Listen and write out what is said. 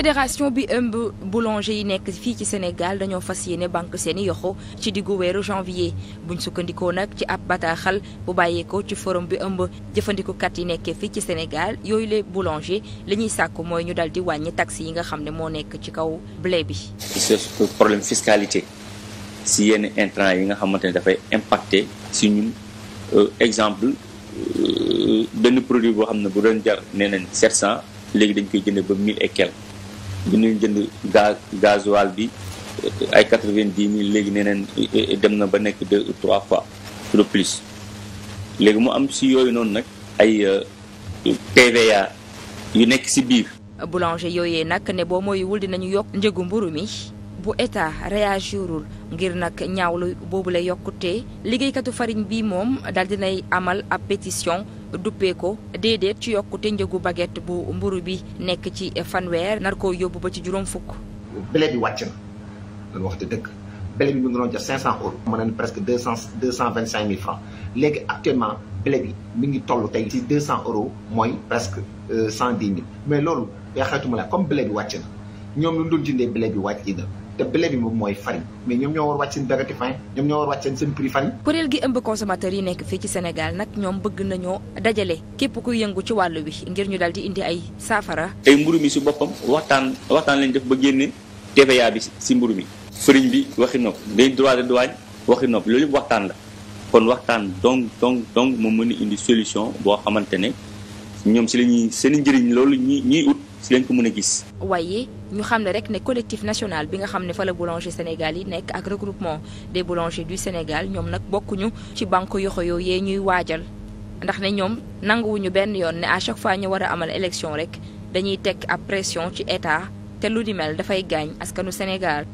fédération bi ëmb boulanger yi nekk fii ci Sénégal dañoo fas yéene banque seeni yoxo ci diggu weeru janvier buñ sukkandikoo nag ci ab bataaxal bu bàyyeekoo ci forum bi ëmb jëfandikukat yi nekkee fii ci Sénégal yooyu les boulanger li ñuy sàkku mooy ñu dal di wàññi taxes yi nga xam ne moo nekk ci kaw blé bi. surtout problème fiscalité si yenn intrants yi nga xamante ne dafay impacter si ñun euh, exemple euh, benn produit boo xam ne bu doon jar nee nañ 700 léegi dañ koy jëndee ba 1000 et bi ñuy jënd gaz gasoil bi euh, ay quatre-vingt-dix mille léegi neneen euh, euh, dem na ba nekk deux ou trois fois de plus léegi mu am si yooyu noonu nag ay TVA yu nekk si biir. boulanger yooyee nag ne boo mooyuwul dinañu yokk njëgu mburu mi bu état réagirul ngir nag ñaawlu boobu la yokkute liggéeykatu farine bi moom dal dinay amal ab pétition. duppee ko déedéet ci yokkute njëgu baguette bu mburu bi nekk ci fanweer nar koo yóbbu ba ci juróom fukk. blé bi wàcc na dañu wax dëgg blé bi mu ngi doon jox 500 euros. mën nañu presque 200 225 000 francs léegi actuellement blé mi ngi toll tey. ci 200 euros mooy presque 110 euh, 000 mais loolu yaa xaytuma la comme blé bi wàcc na ñoom lu ñu doon jëndee bi wàcc na. te blé bi moom mooy farine mais ñoom ñoo war wàcc seen bagati fin ñoom kuréel gi ëmb consommateurs yi nekk fii ci Sénégal nag ñoom bëgg nañoo dajale képp kuy yëngu ci wàllu wi ngir ñu dal di indi ay saafara tey mburu mi si boppam waxtaan waxtaan lañ def ba génne TVA bi si mburu mi farine bi waxi nopp dañ droit de douane waxi nopp loolu yëpp waxtaan la kon waxtaan donc donc donc moom mën a indi solution boo xamante ne ñoom si la ñuy njëriñ si lañ ko mën a gis. waaye ñu xam ne rek ne collectif national bi nga xam ne fa la boulanger Sénégal yi nekk ak regroupement des boulangers du Sénégal ñoom nag bokkuñu ci banque yoxo yooyu yee ñuy waajal ndax ne ñoom nanguwuñu benn yoon ne à chaque fois ñu war a amal élection rek dañuy teg ab pression ci état te lu di mel dafay gaañ askanu Sénégal.